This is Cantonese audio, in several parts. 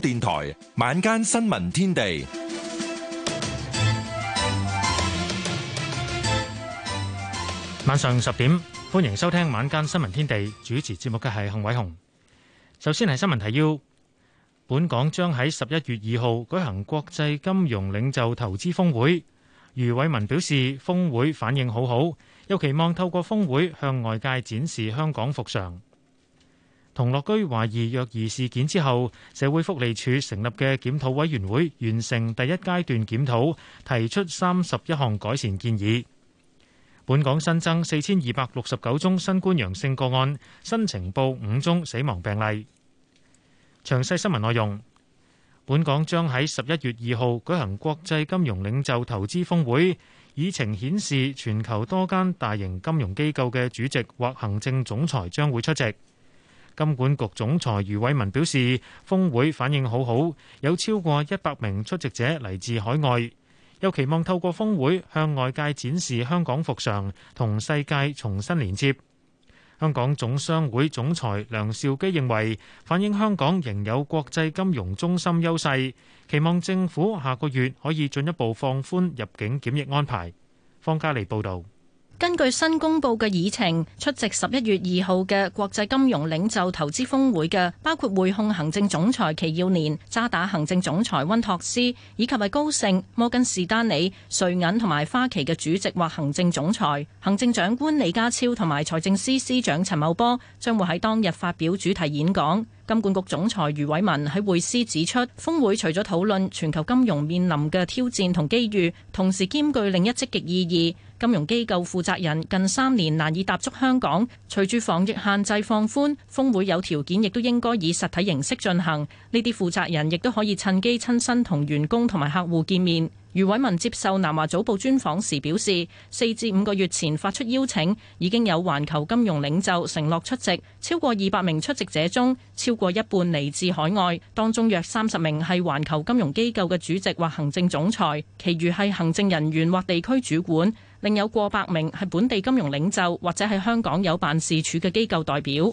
電台晚間新聞天地，晚上十點歡迎收聽晚間新聞天地。主持節目嘅係幸偉雄。首先係新聞提要：本港將喺十一月二號舉行國際金融領袖投資峰會。余偉文表示，峰會反應好好，又期望透過峰會向外界展示香港復常。同樂居懷疑虐兒事件之後，社會福利署成立嘅檢討委員會完成第一階段檢討，提出三十一項改善建議。本港新增四千二百六十九宗新冠陽性個案，新呈報五宗死亡病例。詳細新聞內容，本港將喺十一月二號舉行國際金融領袖投資峰會，議程顯示全球多間大型金融機構嘅主席或行政總裁將會出席。金管局總裁余偉文表示，峰會反應好好，有超過一百名出席者嚟自海外，又期望透過峰會向外界展示香港復常同世界重新連接。香港總商會總裁梁兆基認為，反映香港仍有國際金融中心優勢，期望政府下個月可以進一步放寬入境檢疫安排。方家莉報道。根據新公布嘅議程，出席十一月二號嘅國際金融領袖投資峰會嘅，包括匯控行政總裁祁耀年、渣打行政總裁溫托斯，以及係高盛、摩根士丹利、瑞銀同埋花旗嘅主席或行政總裁。行政長官李家超同埋財政司司長陳茂波將會喺當日發表主題演講。金管局總裁余偉文喺會師指出，峰會除咗討論全球金融面臨嘅挑戰同機遇，同時兼具另一積極意義。金融機構負責人近三年難以踏足香港，隨住防疫限制放寬，峰會有條件亦都應該以實體形式進行。呢啲負責人亦都可以趁機親身同員工同埋客戶見面。余偉文接受南華早報專訪時表示，四至五個月前發出邀請，已經有環球金融領袖承諾出席。超過二百名出席者中，超過一半嚟自海外，當中約三十名係環球金融機構嘅主席或行政總裁，其餘係行政人員或地區主管，另有過百名係本地金融領袖或者係香港有辦事處嘅機構代表。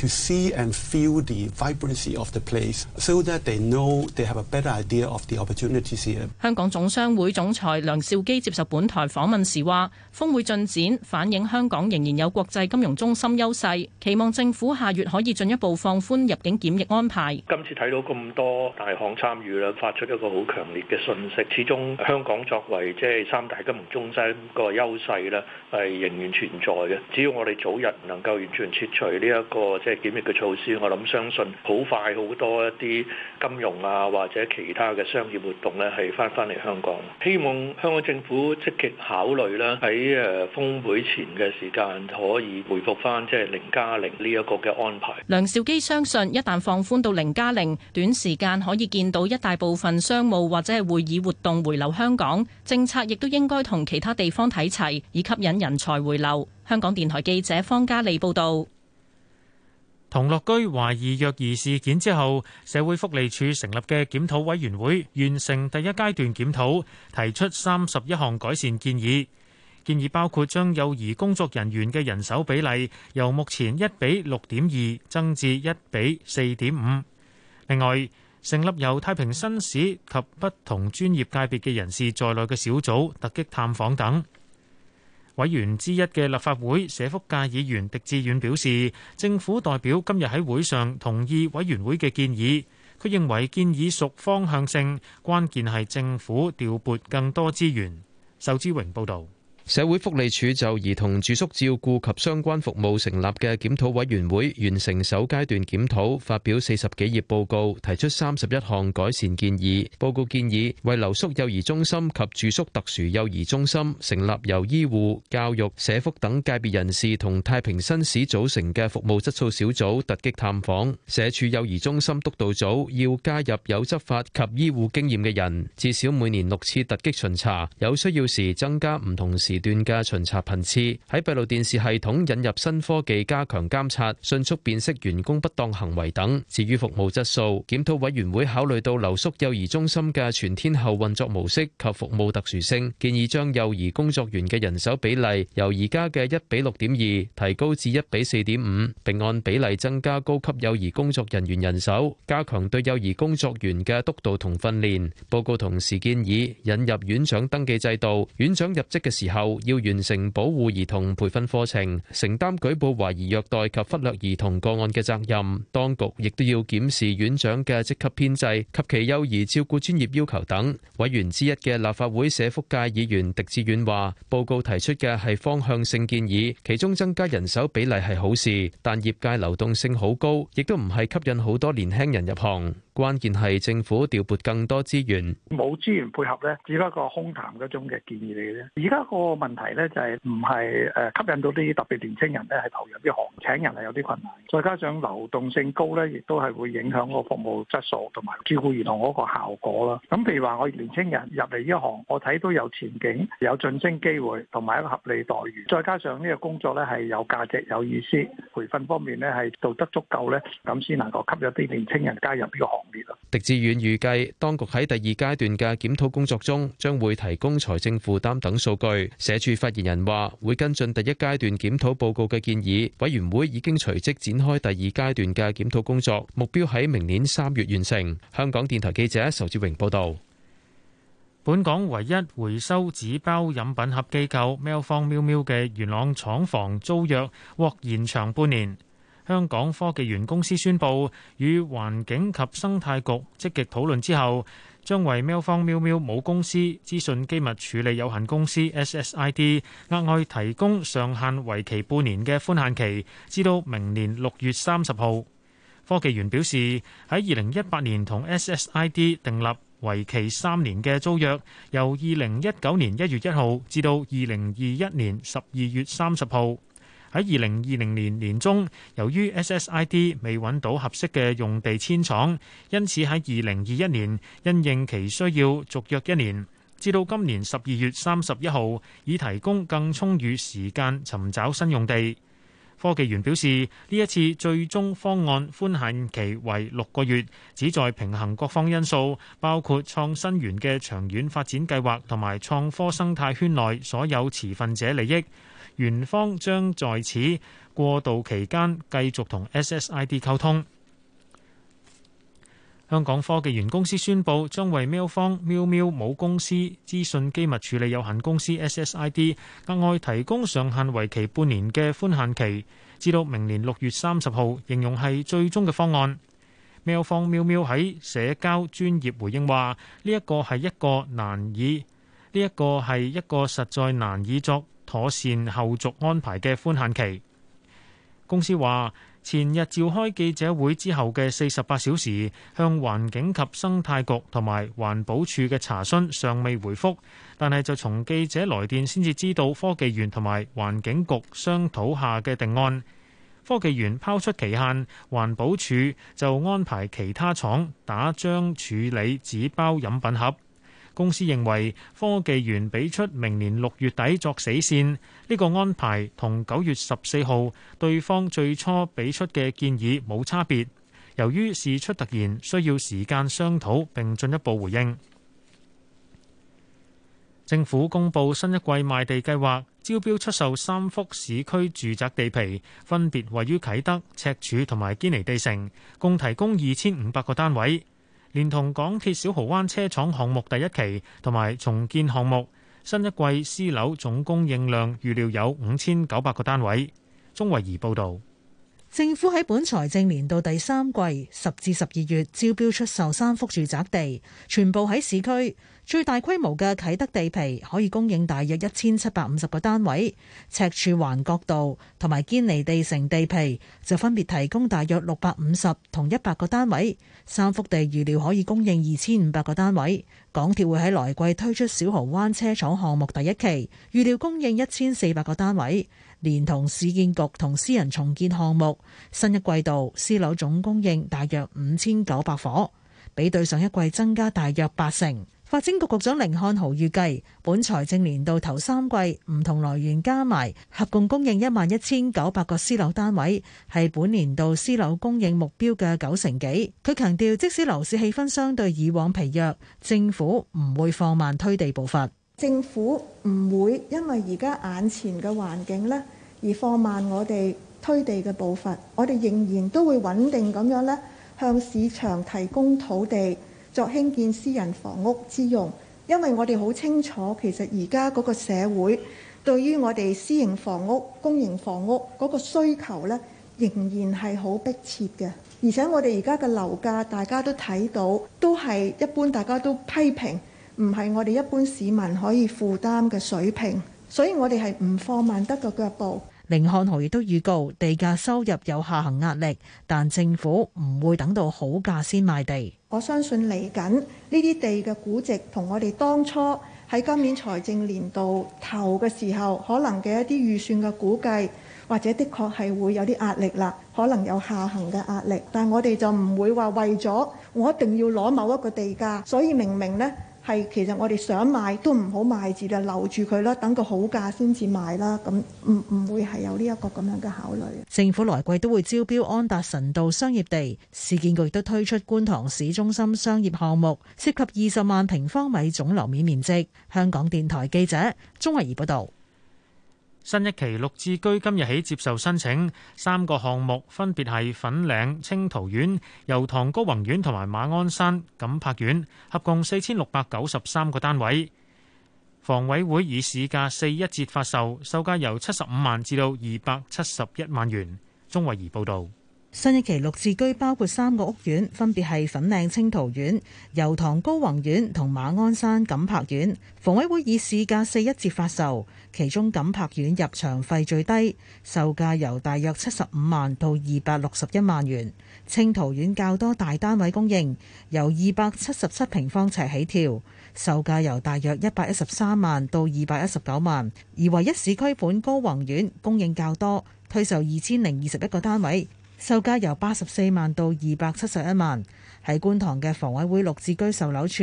To see and feel the vibrancy of the place, so that they know they have a better idea of the opportunities here. 香港總商會總裁梁兆基接受本台訪問時話，峰會進展反映香港仍然有國際金融中心優勢，期望政府下月可以進一步放寬入境檢疫安排。今次睇到咁多大行參與啦，發出一個好強烈嘅訊息。始終香港作為即係三大金融中心個優勢咧，係仍然存在嘅。只要我哋早日能夠完全撤除呢一個即係檢疫嘅措施，我諗相信好快好多一啲金融啊或者其他嘅商業活動咧，係翻翻嚟香港。希望香港政府積極考慮啦，喺誒峰會前嘅時間可以回復翻，即係零加零呢一個嘅安排。梁兆基相信，一旦放寬到零加零，0，短時間可以見到一大部分商務或者係會議活動回流香港。政策亦都應該同其他地方睇齊，以吸引人才回流。香港電台記者方嘉莉報道。同樂居懷疑虐兒事件之後，社會福利署成立嘅檢討委員會完成第一階段檢討，提出三十一項改善建議。建議包括將幼兒工作人員嘅人手比例由目前一比六點二增至一比四點五。另外，成立由太平紳士及不同專業界別嘅人士在內嘅小組，突擊探訪等。委員之一嘅立法會社福界議員狄志遠表示，政府代表今日喺會上同意委員會嘅建議。佢認為建議屬方向性，關鍵係政府調撥更多資源。仇之榮報道。社會福利署就兒童住宿照顧及相關服務成立嘅檢討委員會完成首階段檢討，發表四十幾頁報告，提出三十一項改善建議。報告建議為留宿幼兒中心及住宿特殊幼兒中心成立由醫護、教育、社福等界別人士同太平紳士組成嘅服務質素小組突擊探訪、社署幼兒中心督導組要加入有執法及醫護經驗嘅人，至少每年六次突擊巡查，有需要時增加唔同時段嘅巡查頻次，喺閉路電視系統引入新科技，加強監察、迅速辨識員工不當行為等。至於服務質素，檢討委員會考慮到留宿幼兒中心嘅全天候運作模式及服務特殊性，建議將幼兒工作員嘅人手比例由而家嘅一比六點二提高至一比四點五，並按比例增加高級幼兒工作人員人手，加強對幼兒工作員嘅督導同訓練。報告同時建議引入院長登記制度，院長入職嘅時候。要完成保護兒童培訓課程，承擔舉報懷疑虐待及忽略兒童個案嘅責任。當局亦都要檢視院長嘅職級編制及其幼兒照顧專業要求等。委員之一嘅立法會社福界議員狄志遠話，報告提出嘅係方向性建議，其中增加人手比例係好事，但業界流動性好高，亦都唔係吸引好多年輕人入行。關鍵係政府調撥更多資源，冇資源配合呢，只不過空談嗰種嘅建議嚟嘅。而家個問題呢，就係唔係誒吸引到啲特別年青人呢？係投入呢行，請人係有啲困難，再加上流動性高呢，亦都係會影響個服務質素同埋照顧員同嗰個效果啦。咁譬如話我年青人入嚟呢行，我睇都有前景，有晉升機會，同埋一個合理待遇，再加上呢個工作呢，係有價值、有意思，培訓方面呢，係做得足夠呢，咁先能夠吸引啲年青人加入呢個行。狄志遠預計，當局喺第二階段嘅檢討工作中，將會提供財政負擔等數據。社署發言人話，會跟進第一階段檢討報告嘅建議，委員會已經隨即展開第二階段嘅檢討工作，目標喺明年三月完成。香港電台記者仇志榮報道。本港唯一回收紙包飲品盒機構喵坊 Mil Mill 嘅元朗廠房租約獲延長半年。香港科技園公司宣布，與環境及生態局積極討論之後，將為喵方喵喵母公司資訊機密處理有限公司 （SSID） 額外提供上限為期半年嘅寬限期，至到明年六月三十號。科技園表示，喺二零一八年同 SSID 訂立為期三年嘅租約，由二零一九年一月一號至到二零二一年十二月三十號。喺二零二零年年中，由於 SSID 未揾到合適嘅用地遷廠，因此喺二零二一年因應其需要續約一年，至到今年十二月三十一號，以提供更充裕時間尋找新用地。科技園表示，呢一次最終方案寬限期為六個月，旨在平衡各方因素，包括創新園嘅長遠發展計劃同埋創科生態圈內所有持份者利益。元方將在此過渡期間繼續同 SSID 溝通。香港科技園公司宣布將為喵方喵喵母公司資訊機密處理有限公司 SSID 額外提供上限為期半年嘅寬限期，至到明年六月三十號，形容係最終嘅方案。喵方喵喵喺社交專業回應話：呢、這、一個係一個難以，呢、這、一個係一個實在難以作。妥善後續安排嘅寬限期。公司話：前日召開記者會之後嘅四十八小時，向環境及生態局同埋環保署嘅查詢尚未回覆，但係就從記者來電先至知道科技園同埋環境局商討下嘅定案。科技園拋出期限，環保署就安排其他廠打漿處理紙包飲品盒。公司認為科技園俾出明年六月底作死線，呢個安排同九月十四號對方最初俾出嘅建議冇差別，由於事出突然，需要時間商討並進一步回應。政府公佈新一季賣地計劃，招標出售三幅市區住宅地皮，分別位於啟德、赤柱同埋堅尼地城，共提供二千五百個單位。連同港鐵小蠔灣車廠項目第一期同埋重建項目，新一季私樓總供應量預料有五千九百個單位。鍾慧儀報導。政府喺本財政年度第三季十至十二月招標出售三幅住宅地，全部喺市區。最大規模嘅啟德地皮可以供應大約一千七百五十個單位，赤柱環角道同埋堅尼地城地皮就分別提供大約六百五十同一百個單位。三幅地預料可以供應二千五百個單位。港鐵會喺來季推出小蠔灣車廠項目第一期，預料供應一千四百個單位。連同市建局同私人重建項目，新一季度私樓總供應大約五千九百伙，比對上一季增加大約八成。發展局局長甯漢豪預計，本財政年度頭三季唔同來源加埋，合共供應一萬一千九百個私樓單位，係本年度私樓供應目標嘅九成幾。佢強調，即使樓市氣氛相對以往疲弱，政府唔會放慢推地步伐。政府唔會因為而家眼前嘅環境咧，而放慢我哋推地嘅步伐。我哋仍然都會穩定咁樣咧，向市場提供土地作興建私人房屋之用。因為我哋好清楚，其實而家嗰個社會對於我哋私營房屋、公營房屋嗰個需求咧，仍然係好迫切嘅。而且我哋而家嘅樓價，大家都睇到，都係一般，大家都批評，唔係我哋一般市民可以負擔嘅水平，所以我哋係唔放慢得個腳步。寧漢豪亦都預告地價收入有下行壓力，但政府唔會等到好價先賣地。我相信嚟緊呢啲地嘅估值同我哋當初喺今年財政年度頭嘅時候可能嘅一啲預算嘅估計或者的確係會有啲壓力啦，可能有下行嘅壓力。但我哋就唔會話為咗我一定要攞某一個地價，所以明明咧。係，其實我哋想買都賣都唔好賣住啦，留住佢啦，等個好價先至賣啦。咁唔唔會係有呢一個咁樣嘅考慮。政府來季都會招標安達臣道商業地，市建局亦都推出觀塘市中心商業項目，涉及二十萬平方米總樓面面積。香港電台記者鍾慧儀報道。新一期綠置居今日起接受申請，三個項目分別係粉嶺清濤苑、油塘高宏苑同埋馬鞍山錦柏苑，合共四千六百九十三個單位。房委會以市價四一折發售，售價由七十五萬至到二百七十一萬元。鍾慧儀報道。新一期綠置居包括三個屋苑，分別係粉嶺清濤苑、油塘高宏苑同馬鞍山錦柏苑。房委會以市價四一折發售，其中錦柏苑入場費最低，售價由大約七十五萬到二百六十一萬元。清濤苑較多大單位供應，由二百七十七平方尺起跳，售價由大約一百一十三萬到二百一十九萬，而唯一市區盤高宏苑供應較多，推售二千零二十一個單位。售價由八十四萬到二百七十一萬，喺觀塘嘅房委會綠置居售樓處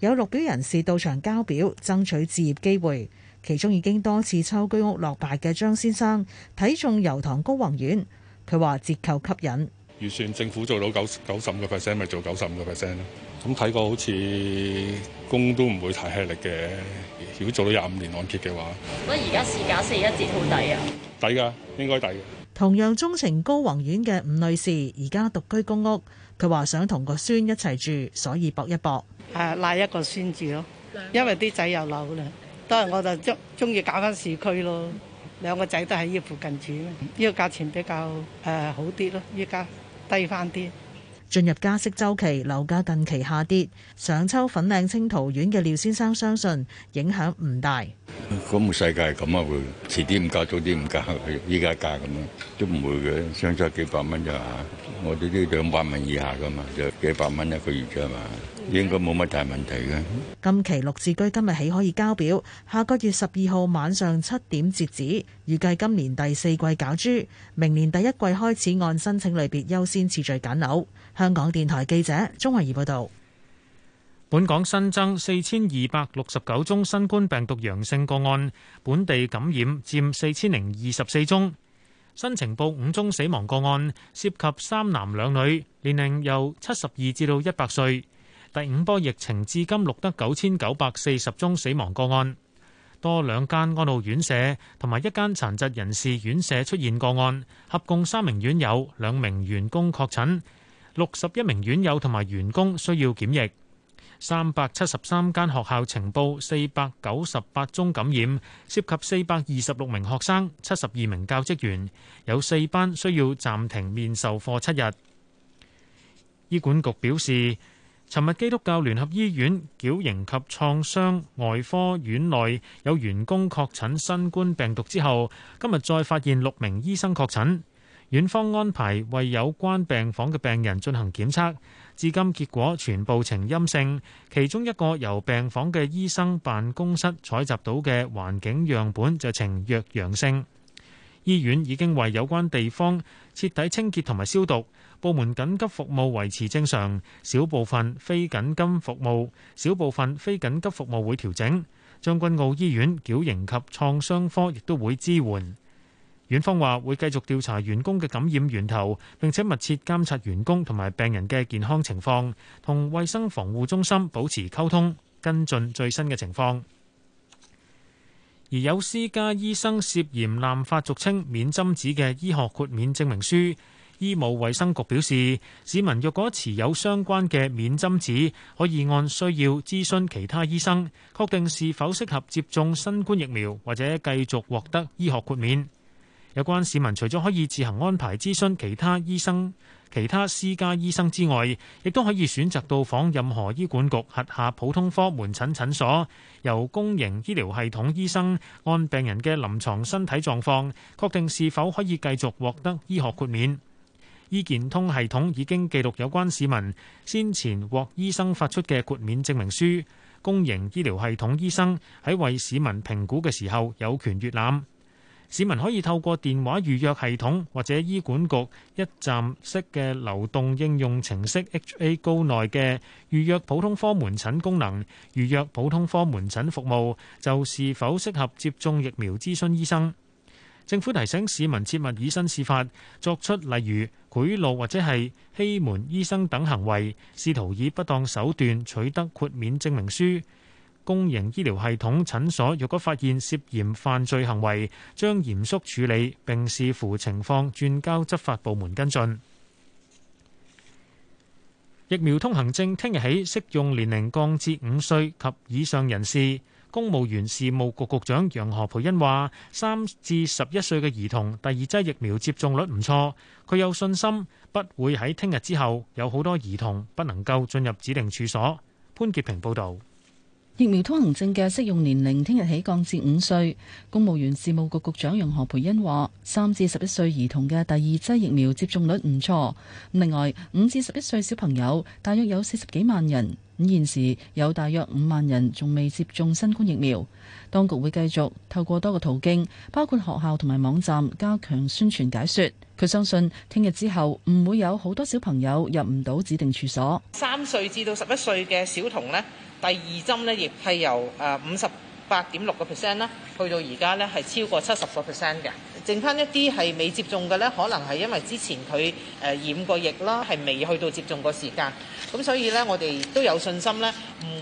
有綠表人士到場交表爭取置業機會，其中已經多次抽居屋落敗嘅張先生睇中油塘高宏苑，佢話折扣吸引。預算政府做到九九十五個 percent 咪做九十五個 percent 咯，咁睇過好似工都唔會太吃力嘅，如果做到廿五年按揭嘅話。喂，而家市價四一折好抵啊！抵㗎，應該抵。同樣鍾情高宏苑嘅吳女士，而家獨居公屋，佢話想同個孫一齊住，所以搏一搏，誒、啊、拉一個孫住咯，因為啲仔又老啦，都係我就中中意搞翻市區咯，兩個仔都喺呢附近住，呢、呢個價錢比較誒好啲咯，依家低翻啲。進入加息周期，樓價近期下跌。上秋粉嶺青桃苑嘅廖先生相信影響唔大。咁個世界咁啊，會遲啲唔加，早啲唔加，依家價咁樣都唔會嘅，相差幾百蚊咋嚇？我哋都要兩百蚊以下噶嘛，就幾百蚊一個月啫嘛。應該冇乜大問題嘅。近期六字居今日起可以交表，下個月十二號晚上七點截止。預計今年第四季攪珠，明年第一季開始按申請類別優先次序揀樓。香港電台記者鍾慧儀報道。本港新增四千二百六十九宗新冠病毒陽性個案，本地感染佔四千零二十四宗。新情報五宗死亡個案，涉及三男兩女，年齡由七十二至到一百歲。第五波疫情至今錄得九千九百四十宗死亡個案，多兩間安老院舍同埋一間殘疾人士院舍出現個案，合共三名院友、兩名員工確診，六十一名院友同埋員工需要檢疫。三百七十三間學校呈報四百九十八宗感染，涉及四百二十六名學生、七十二名教職員，有四班需要暫停面授課七日。醫管局表示。尋日基督教聯合醫院矯形及創傷外科院內有員工確診新冠病毒之後，今日再發現六名醫生確診，院方安排為有關病房嘅病人進行檢測，至今結果全部呈陰性，其中一個由病房嘅醫生辦公室採集到嘅環境樣本就呈弱陽性。醫院已經為有關地方徹底清潔同埋消毒，部門緊急服務維持正常，小部分非緊急服務、小部分非緊急服務會調整。將軍澳醫院矯形及創傷科亦都會支援。院方話會繼續調查員工嘅感染源頭，並且密切監察員工同埋病人嘅健康情況，同衛生防護中心保持溝通，跟進最新嘅情況。而有私家醫生涉嫌濫發俗稱免針紙嘅醫學豁免證明書，醫務衛生局表示，市民若果持有相關嘅免針紙，可以按需要諮詢其他醫生，確定是否適合接種新冠疫苗，或者繼續獲得醫學豁免。有關市民除咗可以自行安排諮詢其他醫生，其他私家醫生之外，亦都可以選擇到訪任何醫管局轄下普通科門診診所，由公營醫療系統醫生按病人嘅臨床身體狀況，確定是否可以繼續獲得醫學豁免。醫健通系統已經記錄有關市民先前獲醫生發出嘅豁免證明書，公營醫療系統醫生喺為市民評估嘅時候有權閲覽。市民可以透過電話預約系統或者醫管局一站式嘅流動應用程式 HA 高內嘅預約普通科門診功能預約普通科門診服務，就是否適合接種疫苗諮詢醫生。政府提醒市民切勿以身試法，作出例如詬駁或者係欺瞞醫生等行為，試圖以不當手段取得豁免證明書。公營醫療系統診所，若果發現涉嫌犯罪行為，將嚴肅處理，並視乎情況轉交執法部門跟進。疫苗通行證聽日起適用年齡降至五歲及以上人士。公務員事務局局局長楊何培恩話，三至十一歲嘅兒童第二劑疫苗接種率唔錯，佢有信心不會喺聽日之後有好多兒童不能夠進入指定處所。潘潔平報道。疫苗通行證嘅適用年齡聽日起降至五歲。公務員事務局局，局長楊何蓓茵話：三至十一歲兒童嘅第二劑疫苗接種率唔錯。另外，五至十一歲小朋友大約有四十幾萬人，咁現時有大約五萬人仲未接種新冠疫苗。當局會繼續透過多個途徑，包括學校同埋網站加強宣傳解說。佢相信聽日之後唔會有好多小朋友入唔到指定處所。三歲至到十一歲嘅小童呢。第二針咧，亦係由誒五十八點六個 percent 啦，去到而家咧，係超過七十個 percent 嘅。剩翻一啲係未接種嘅呢，可能係因為之前佢誒染過疫啦，係未去到接種個時間，咁所以呢，我哋都有信心呢，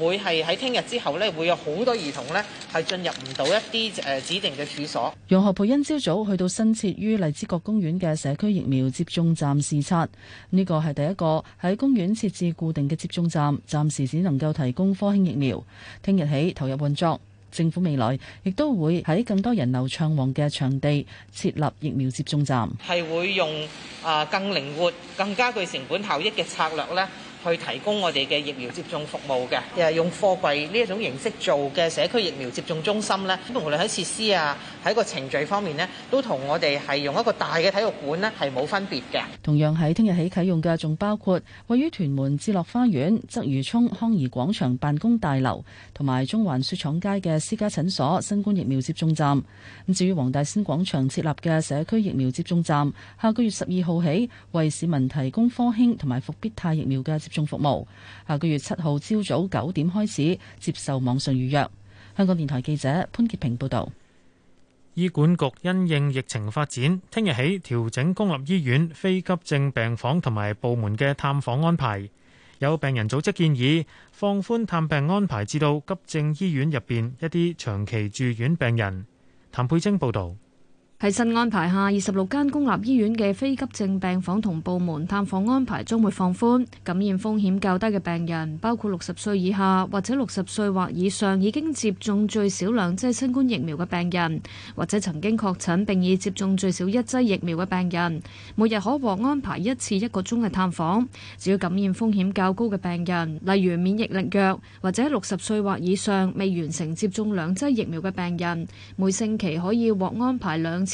唔會係喺聽日之後呢，會有好多兒童呢，係進入唔到一啲誒指定嘅處所。楊何蓓茵今朝早，早去到新設於荔枝角公園嘅社區疫苗接種站視察，呢個係第一個喺公園設置固定嘅接種站，暫時只能夠提供科興疫苗，聽日起投入運作。政府未來亦都會喺更多人流暢旺嘅場地設立疫苗接種站，係會用啊更靈活、更加具成本效益嘅策略咧。去提供我哋嘅疫苗接種服務嘅，又係用貨櫃呢一種形式做嘅社區疫苗接種中心咧，咁無論喺設施啊，喺個程序方面咧，都同我哋係用一個大嘅體育館咧係冇分別嘅。同樣喺聽日起啟用嘅，仲包括位於屯門置樂花園、鰂魚涌康怡廣場辦公大樓同埋中環雪廠街嘅私家診所新冠疫苗接種站。咁至於黃大仙廣場設立嘅社區疫苗接種站，下個月十二號起為市民提供科興同埋復必泰疫苗嘅接中服務，下個月七號朝早九點開始接受網上預約。香港電台記者潘潔平報道。醫管局因應疫情發展，聽日起調整公立醫院非急症病房同埋部門嘅探訪安排。有病人組織建議放寬探病安排，至到急症醫院入邊一啲長期住院病人。譚佩貞報道。喺新安排下，二十六間公立醫院嘅非急症病房同部門探訪安排將會放寬。感染風險較低嘅病人，包括六十歲以下或者六十歲或以上已經接種最少兩劑新冠疫苗嘅病人，或者曾經確診並已接種最少一劑疫苗嘅病人，每日可獲安排一次一個鐘嘅探訪。只要感染風險較高嘅病人，例如免疫力弱或者六十歲或以上未完成接種兩劑疫苗嘅病人，每星期可以獲安排兩次，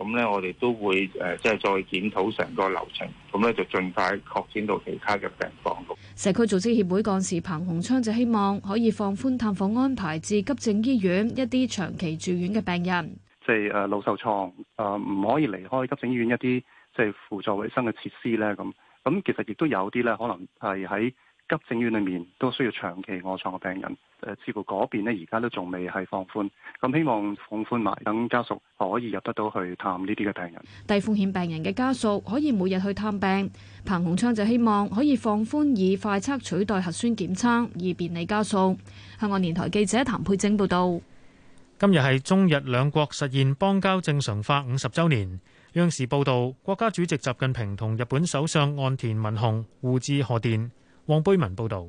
咁咧、嗯，我哋都會誒，即、呃、係再檢討成個流程，咁、嗯、咧就盡快擴展到其他嘅病房。社區組織協會幹事彭洪昌就希望可以放寬探訪安排至急症醫院一啲長期住院嘅病人，即係誒老受創誒，唔、啊、可以離開急症醫院一啲即係輔助衞生嘅設施咧。咁咁其實亦都有啲咧，可能係喺。急症院裏面都需要長期臥床嘅病人。誒、呃，至於嗰邊呢而家都仲未係放寬，咁、嗯、希望放寬埋，等家屬可以入得到去探呢啲嘅病人。低風險病人嘅家屬可以每日去探病。彭鴻昌就希望可以放寬，以快測取代核酸檢測，以便利家屬。香港電台記者譚佩正報道。今日係中日兩國實現邦交正常化五十周年。央視報道，國家主席習近平同日本首相岸田文雄互致賀電。王貝文報道，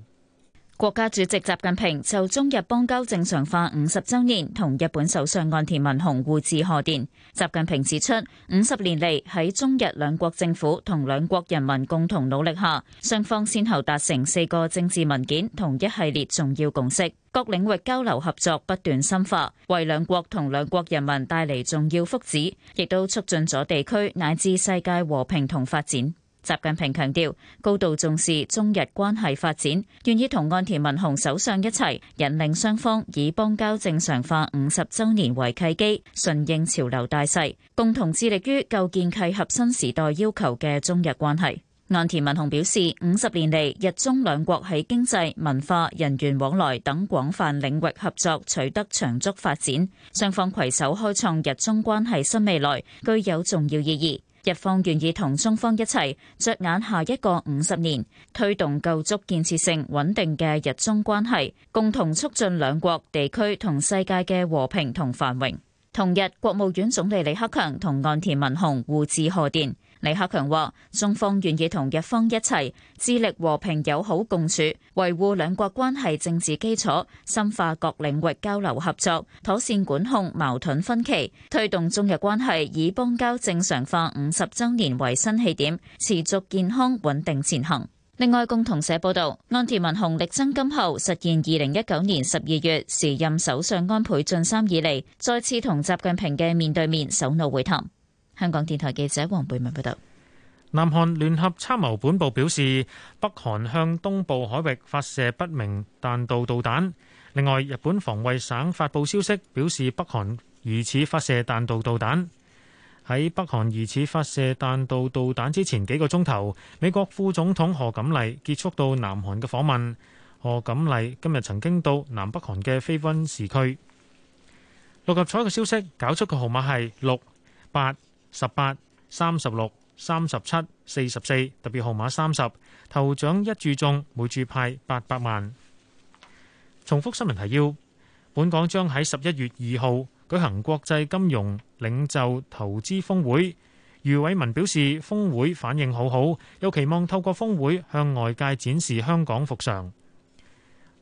國家主席習近平就中日邦交正常化五十周年同日本首相岸田文雄互致賀電。習近平指出，五十年嚟，喺中日兩國政府同兩國人民共同努力下，雙方先後達成四個政治文件同一系列重要共識，各領域交流合作不斷深化，為兩國同兩國人民帶嚟重要福祉，亦都促進咗地區乃至世界和平同發展。習近平強調，高度重視中日關係發展，願意同岸田文雄首相一齊引領雙方以邦交正常化五十周年為契機，順應潮流大勢，共同致力於構建契合新時代要求嘅中日關係。岸田文雄表示，五十年嚟，日中兩國喺經濟、文化、人員往來等廣泛領域合作取得長足發展，雙方攜手開創日中關係新未來，具有重要意義。日方願意同中方一齊，着眼下一個五十年，推動構築建設性穩定嘅日中關係，共同促進兩國地區同世界嘅和平同繁榮。同日，國務院總理李克強同岸田文雄互致賀電。李克強話：中方願意同日方一齊致力和平友好共處，維護兩國關係政治基礎，深化各領域交流合作，妥善管控矛盾分歧，推動中日關係以邦交正常化五十周年為新起點，持續健康穩定前行。另外，共同社報道，岸田文雄力爭今後實現二零一九年十二月時任首相安倍晉三以來，再次同習近平嘅面對面首腦會談。香港電台記者黃貝文報道。南韓聯合參謀本部表示，北韓向東部海域發射不明彈道導彈。另外，日本防衛省發布消息，表示北韓疑似發射彈道導彈。喺北韓疑似發射彈道導彈之前幾個鐘頭，美國副總統何錦麗結束到南韓嘅訪問。何錦麗今日曾經到南北韓嘅非軍事區。六合彩嘅消息，搞出個號碼係六八。十八、三十六、三十七、四十四，特別號碼三十，頭獎一注中，每注派八百萬。重複新聞提要：本港將喺十一月二號舉行國際金融領袖投資峰會，余偉文表示，峰會反應好好，又期望透過峰會向外界展示香港復常。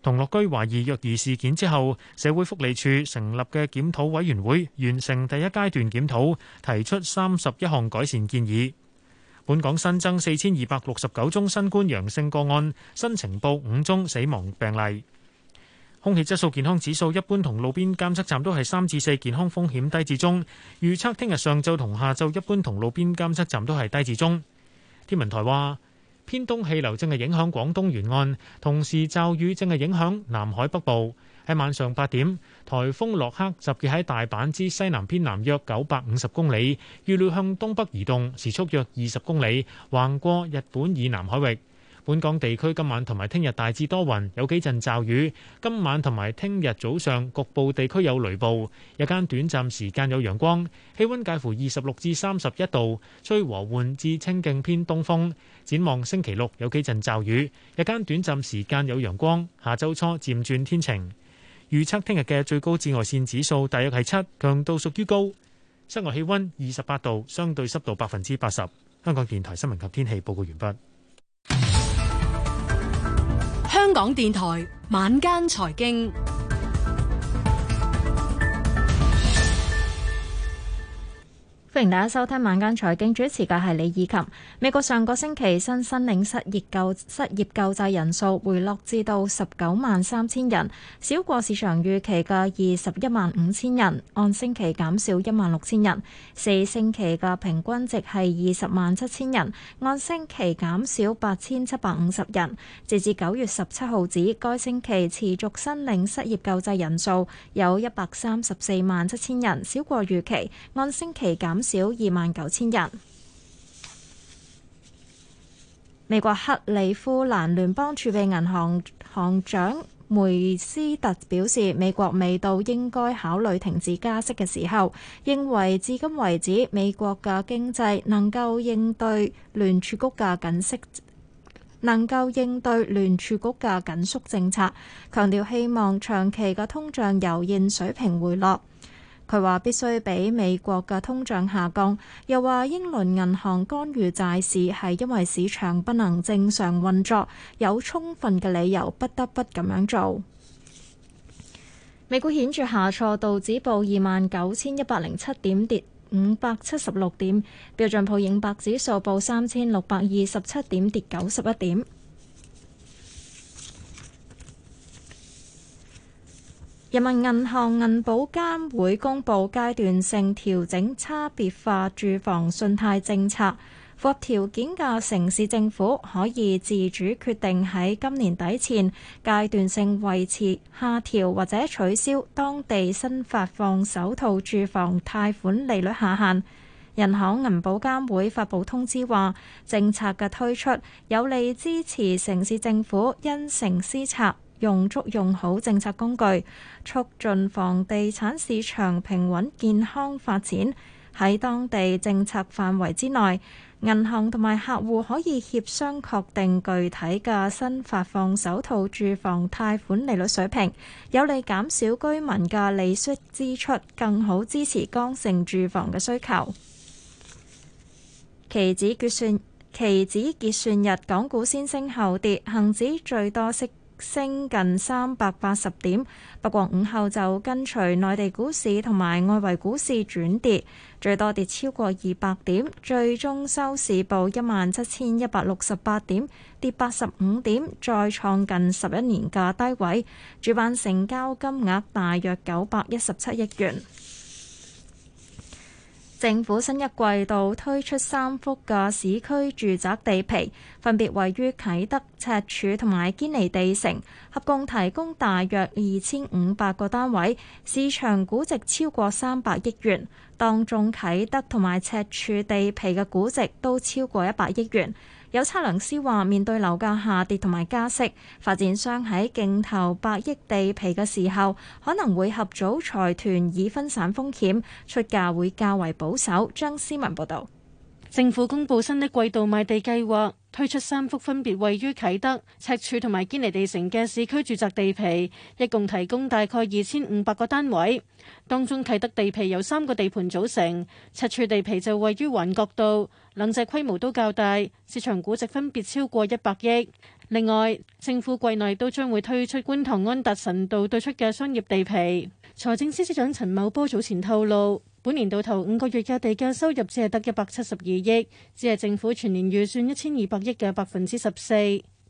同樂居懷疑虐兒事件之後，社會福利署成立嘅檢討委員會完成第一階段檢討，提出三十一項改善建議。本港新增四千二百六十九宗新冠陽性個案，新情報五宗死亡病例。空氣質素健康指數一般同路邊監測站都係三至四，健康風險低至中。預測聽日上晝同下晝一般同路邊監測站都係低至中。天文台話。偏東氣流正係影響廣東沿岸，同時驟雨正係影響南海北部。喺晚上八點，颱風洛克集結喺大阪之西南偏南約九百五十公里，預料向東北移動，時速約二十公里，橫過日本以南海域。本港地區今晚同埋聽日大致多雲，有幾陣驟雨。今晚同埋聽日早上局部地區有雷暴，日間短暫時間有陽光。氣溫介乎二十六至三十一度，吹和緩至清勁偏東風。展望星期六有幾陣驟雨，日間短暫時間有陽光。下周初漸轉天晴。預測聽日嘅最高紫外線指數大約係七，強度屬於高。室外氣溫二十八度，相對濕度百分之八十。香港電台新聞及天氣報告完畢。香港電台晚間財經。歡迎大家收聽晚間財經，主持嘅係李以琴。美國上個星期新申領失業救失業救濟人數回落至到十九萬三千人，少過市場預期嘅二十一萬五千人，按星期減少一萬六千人，四星期嘅平均值係二十萬七千人，按星期減少八千七百五十人。截至九月十七號止，該星期持續申領失業救濟人數有一百三十四萬七千人，少過預期，按星期減少 8,。少二萬九千人。美國克里夫蘭聯邦儲備銀行行長梅斯特表示，美國未到應該考慮停止加息嘅時候，認為至今為止美國嘅經濟能夠應對聯儲局嘅緊縮，能夠應對聯儲局嘅緊縮政策，強調希望長期嘅通脹由現水平回落。佢話必須俾美國嘅通脹下降，又話英倫銀行干預債市係因為市場不能正常運作，有充分嘅理由不得不咁樣做。美股顯著下挫，道指報二萬九千一百零七點，跌五百七十六點；標準普爾五百指數報三千六百二十七點，跌九十一點。人民銀行銀保監會公布階段性調整差別化住房信貸政策，符合條件嘅城市政府可以自主決定喺今年底前階段性維持、下調或者取消當地新發放首套住房貸款利率下限。人行銀保監會發布通知話，政策嘅推出有利支持城市政府因城施策。用足用好政策工具，促進房地產市場平穩健康發展。喺當地政策範圍之內，銀行同埋客戶可以協商確定具體嘅新發放首套住房貸款利率水平，有利減少居民嘅利息支出，更好支持剛性住房嘅需求。期指結算期指結算日，港股先升後跌，恆指最多息，升近三百八十點，不過午後就跟隨內地股市同埋外圍股市轉跌，最多跌超過二百點，最終收市報一萬七千一百六十八點，跌八十五點，再創近十一年嘅低位。主板成交金額大約九百一十七億元。政府新一季度推出三幅嘅市區住宅地皮，分別位於啟德、赤柱同埋堅尼地城，合共提供大約二千五百個單位，市場估值超過三百億元。當中啟德同埋赤柱地皮嘅估值都超過一百億元。有測量師話，面對樓價下跌同埋加息，發展商喺競投百億地皮嘅時候，可能會合組財團以分散風險，出價會較為保守。張思文報導，政府公布新一季度賣地計劃，推出三幅分別位於啟德、赤柱同埋堅尼地城嘅市區住宅地皮，一共提供大概二千五百個單位。當中啟德地皮由三個地盤組成，赤柱地皮就位於環角道。兩隻規模都較大，市場估值分別超過一百億。另外，政府季內都將會推出觀塘安達臣道對出嘅商業地皮。財政司司長陳茂波早前透露，本年度頭五個月嘅地價收入只係得一百七十二億，只係政府全年預算一千二百億嘅百分之十四。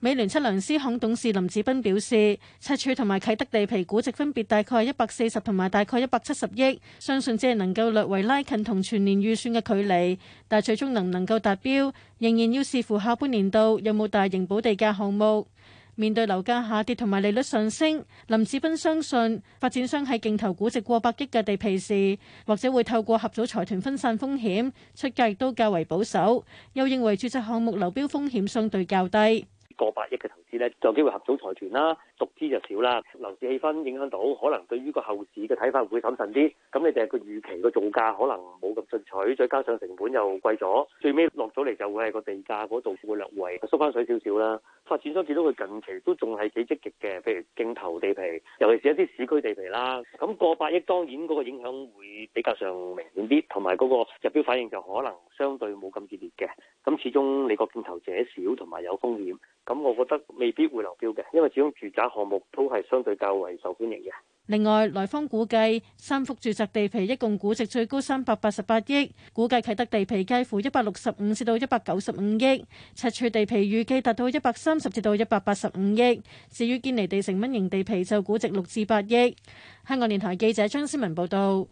美聯測量師行董事林子斌表示，赤柱同埋啟德地皮估值分別大概一百四十同埋大概一百七十億，相信即係能夠略為拉近同全年預算嘅距離，但最終能唔能夠達標仍然要視乎下半年度有冇大型保地價項目。面對樓價下跌同埋利率上升，林子斌相信發展商喺競投估值過百億嘅地皮時，或者會透過合組財團分散風險，出價亦都較為保守。又認為註冊項目流標風險相對較低。過百億嘅投資咧，仲有機會合組財團啦。獨資就少啦，樓市氣氛影響到，可能對於個後市嘅睇法會謹慎啲。咁你哋個預期個造價可能冇咁進取，再加上成本又貴咗，最尾落咗嚟就會係個地價嗰度會略為縮翻水少少啦。發展商見到佢近期都仲係幾積極嘅，譬如競投地皮，尤其是一啲市區地皮啦。咁過百億當然嗰個影響會比較上明顯啲，同埋嗰個入標反應就可能相對冇咁熱烈嘅。咁始終你個競投者少同埋有，有風險，咁我覺得未必會流標嘅，因為始終住宅。項目都係相對較為受歡迎嘅。另外，來方估計三幅住宅地皮一共估值最高三百八十八億，估計啟德地皮介乎一百六十五至到一百九十五億，赤柱地皮預計達到一百三十至到一百八十五億。至於堅尼地城蚊營地皮就估值六至八億。香港電台記者張思文報道。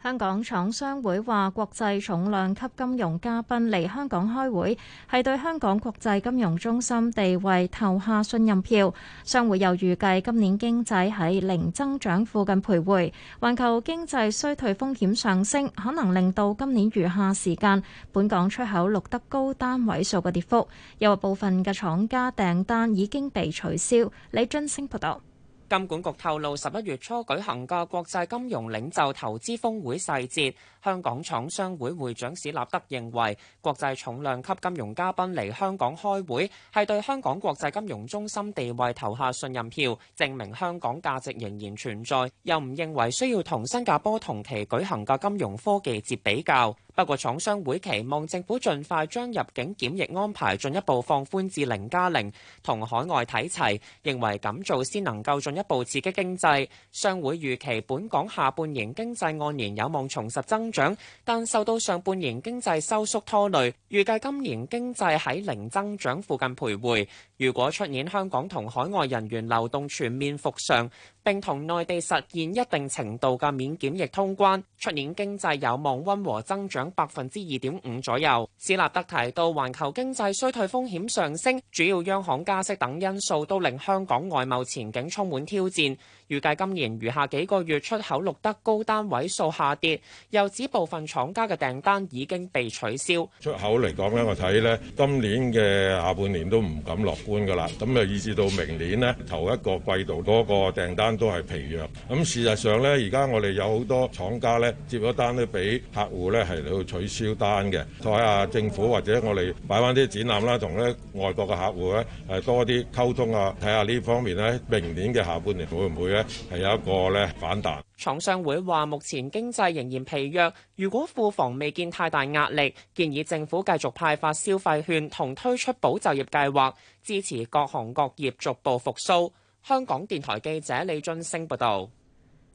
香港廠商會話國際重量級金融嘉賓嚟香港開會，係對香港國際金融中心地位投下信任票。商會又預計今年經濟喺零增長附近徘徊，環球經濟衰退風險上升，可能令到今年餘下時間本港出口錄得高單位數嘅跌幅，又話部分嘅廠家訂單已經被取消。李津升報道。金管局透露十一月初舉行嘅國際金融領袖投資峰會細節，香港廠商會會長史立德認為，國際重量級金融嘉賓嚟香港開會，係對香港國際金融中心地位投下信任票，證明香港價值仍然存在。又唔認為需要同新加坡同期舉行嘅金融科技節比較。不過，廠商會期望政府盡快將入境檢疫安排進一步放寬至零加零同海外睇齊，認為咁做先能夠進一步刺激經濟。商會預期本港下半年經濟按年有望重拾增長，但受到上半年經濟收縮拖累，預計今年經濟喺零增長附近徘徊。如果出年香港同海外人員流動全面復常，並同內地實現一定程度嘅免檢疫通關，出年經濟有望溫和增長。百分之二點五左右。史立德提到，環球經濟衰退風險上升、主要央行加息等因素，都令香港外貿前景充滿挑戰。預計今年餘下幾個月出口錄得高單位數下跌，又指部分廠家嘅訂單已經被取消。出口嚟講咧，我睇咧今年嘅下半年都唔敢樂觀噶啦，咁啊以至到明年呢，頭一個季度多個訂單都係疲弱。咁事實上咧，而家我哋有好多廠家咧接咗單都俾客戶咧係嚟到取消單嘅。睇下政府或者我哋擺翻啲展覽啦，同咧外國嘅客戶咧係多啲溝通啊，睇下呢方面咧明年嘅下半年會唔會係有一個咧反彈。廠商會話，目前經濟仍然疲弱，如果庫房未見太大壓力，建議政府繼續派發消費券同推出保就業計劃，支持各行各業逐步復甦。香港電台記者李俊升報導。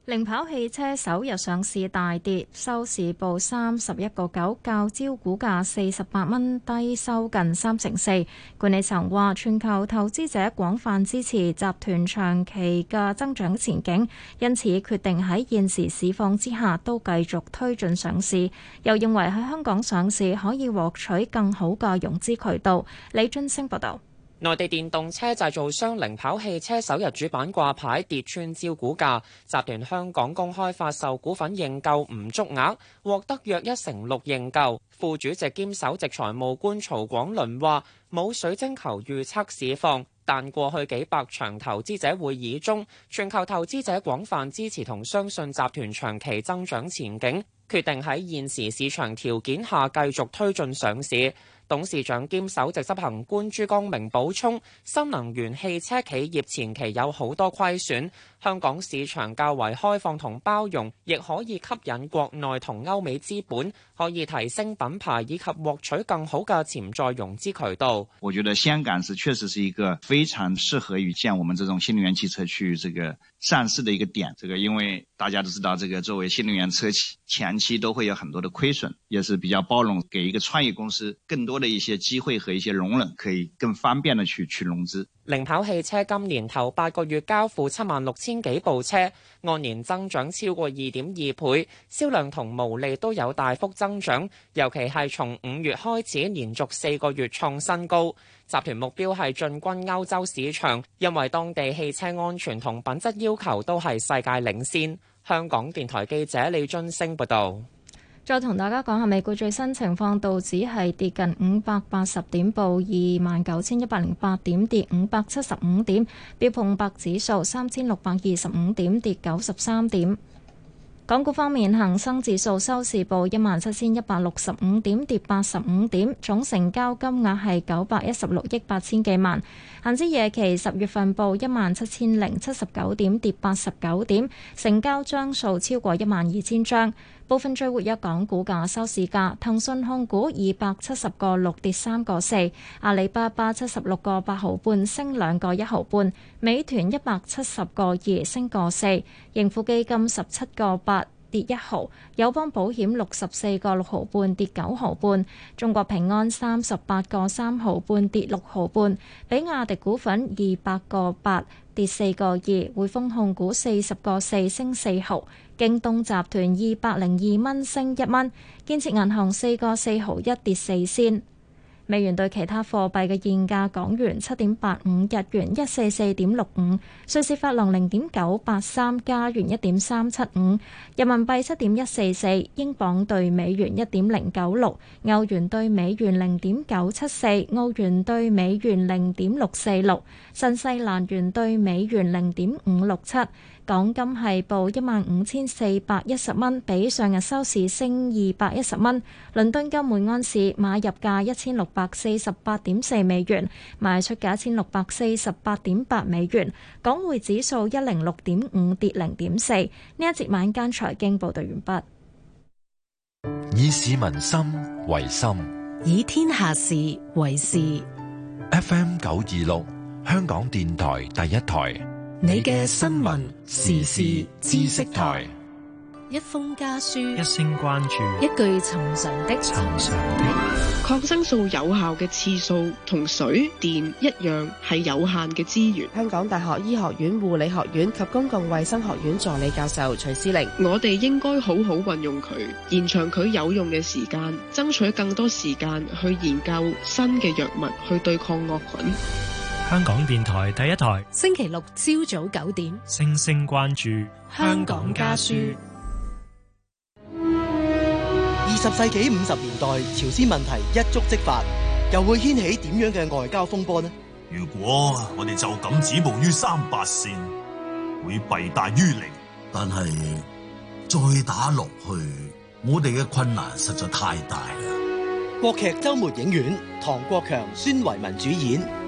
零跑汽車首日上市大跌，收市報三十一個九，較招股價四十八蚊低收近三成四。管理層話，全球投資者廣泛支持集團長期嘅增長前景，因此決定喺現時市況之下都繼續推進上市，又認為喺香港上市可以獲取更好嘅融資渠道。李津升報道。內地電動車製造商零跑汽車首日主板掛牌跌穿招股價，集團香港公開發售股份認購唔足額，獲得約一成六認購。副主席兼首席財務官曹廣倫話：冇水晶球預測市況，但過去幾百場投資者會議中，全球投資者廣泛支持同相信集團長期增長前景，決定喺現時市場條件下繼續推進上市。董事長兼首席執行官朱光明補充：新能源汽車企業前期有好多虧損，香港市場較為開放同包容，亦可以吸引國內同歐美資本，可以提升品牌以及獲取更好嘅潛在融資渠道。我覺得香港是確實是一個非常適合於像我們這種新能源汽車去這個上市的一個點，這個因為。大家都知道，這個作為新能源車企前期都會有很多的虧損，也是比較包容，給一個創業公司更多的一些機會和一些容忍，可以更方便的去去融資。零跑汽車今年頭八個月交付七萬六千幾部車，按年增長超過二點二倍，銷量同毛利都有大幅增長，尤其係從五月開始，連續四個月創新高。集團目標係進軍歐洲市場，因為當地汽車安全同品質要求都係世界領先。香港電台記者李俊升報道，再同大家講下美股最新情況，道指係跌近五百八十點，報二萬九千一百零八點，跌五百七十五點；標普五百指數三千六百二十五點，跌九十三點。港股方面，恒生指數收市報一萬七千一百六十五點，跌八十五點，總成交金額係九百一十六億八千幾萬。恒指夜期十月份報一萬七千零七十九點，跌八十九點，成交張數超過一萬二千張。部分追活躍港股價收市價：騰訊控股二百七十個六跌三個四，阿里巴巴七十六個八毫半升兩個一毫半，美團一百七十個二升個四，盈富基金十七個八。1> 跌一毫，友邦保險六十四個六毫半跌九毫半，中國平安三十八個三毫半跌六毫半，比亞迪股份二百個八跌四個二，匯豐控股四十個四升四毫，京東集團二百零二蚊升一蚊，建設銀行四個四毫一跌四仙。美元兌其他貨幣嘅現價：港元七點八五，日元一四四點六五，瑞士法郎零點九八三，加元一點三七五，人民幣七點一四四，英鎊對美元一點零九六，歐元對美元零點九七四，澳元對美元零點六四六，新西蘭元對美元零點五六七。港金係報一萬五千四百一十蚊，比上日收市升二百一十蚊。倫敦金每安士買入價一千六百四十八點四美元，賣出價一千六百四十八點八美元。港匯指數一零六點五跌零點四。呢一節晚間財經報道完畢。以市民心為心，以天下事為事。FM 九二六，香港電台第一台。你嘅新聞時事知識台，一封家書，一聲關注，一句尋常的尋常的。抗生素有效嘅次數同水電一樣係有限嘅資源。香港大學醫學院護理學院及公共衛生學院助理教授徐思玲，我哋應該好好運用佢，延長佢有用嘅時間，爭取更多時間去研究新嘅藥物去對抗惡菌。香港電台第一台，星期六朝早九點，星星關注《香港家書》。二十世紀五十年代，朝鮮問題一觸即發，又會掀起點樣嘅外交風波呢？如果我哋就咁止步於三八線，會弊大於利。但係再打落去，我哋嘅困難實在太大啦。國劇周末影院，唐國強、孫維民主演。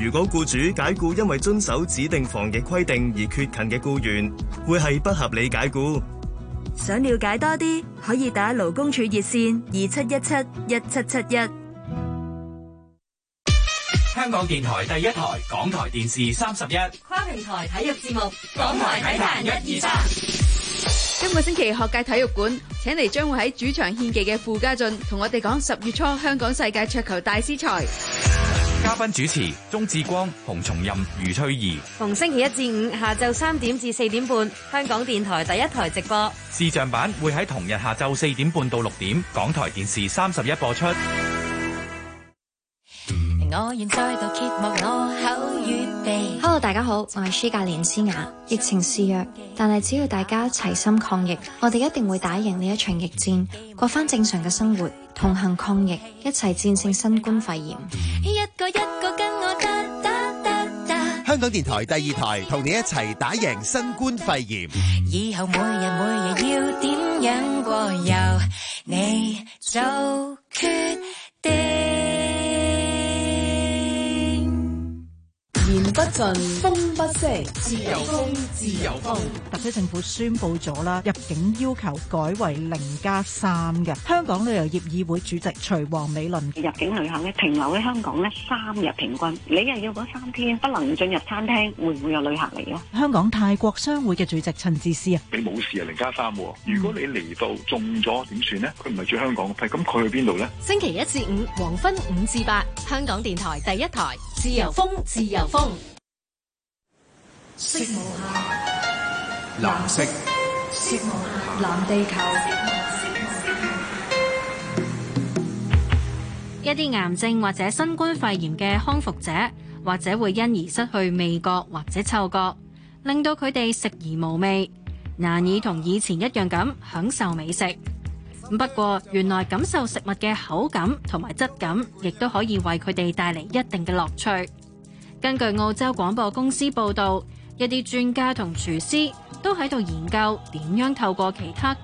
如果僱主解僱因為遵守指定防疫規定而缺勤嘅僱員，會係不合理解僱。想了解多啲，可以打勞工處熱線二七一七一七七一。香港電台第一台，港台電視三十一，跨平台體育節目，港台體壇一二三。今個星期學界體育館，請嚟將會喺主場獻技嘅傅家俊，同我哋講十月初香港世界桌球大師賽。嘉賓主持：鍾志光、洪松蔭、余翠怡，逢星期一至五下晝三點至四點半，香港電台第一台直播。視像版會喺同日下晝四點半到六點，港台電視三十一播出。我願再度揭幕我口。 Hello，大家好，我係舒架連思雅。Ien, S 疫情肆虐，但係只要大家齊心抗疫，我哋一定會打贏呢一場疫戰，過翻正常嘅生活。同行抗疫，一齊戰勝新冠肺炎。一個一個跟我得得得得。香港電台第二台，同你一齊打贏新冠肺炎。以後每日每日要點樣過？由你做。陣風不息，自由風，自由風。特區政府宣佈咗啦，入境要求改為零加三嘅。香港旅遊業議會主席徐王美倫入境旅行咧，停留喺香港咧三日平均，你又要嗰三天不能進入餐廳，會唔會有旅客嚟咧？香港泰國商會嘅主席陳志思啊，你冇事啊零加三喎。如果你嚟到中咗點算咧？佢唔係住香港嘅，咁佢去邊度呢？星期一至五黃昏五至八，香港電台第一台，自由風，自由風。色藍色。色藍地球。一啲癌症或者新冠肺炎嘅康復者，或者會因而失去味覺或者嗅覺，令到佢哋食而無味，難以同以前一樣咁享受美食。不過，原來感受食物嘅口感同埋質感，亦都可以為佢哋帶嚟一定嘅樂趣。根據澳洲廣播公司報道。一啲專家同廚師都喺度研究點樣透過其他。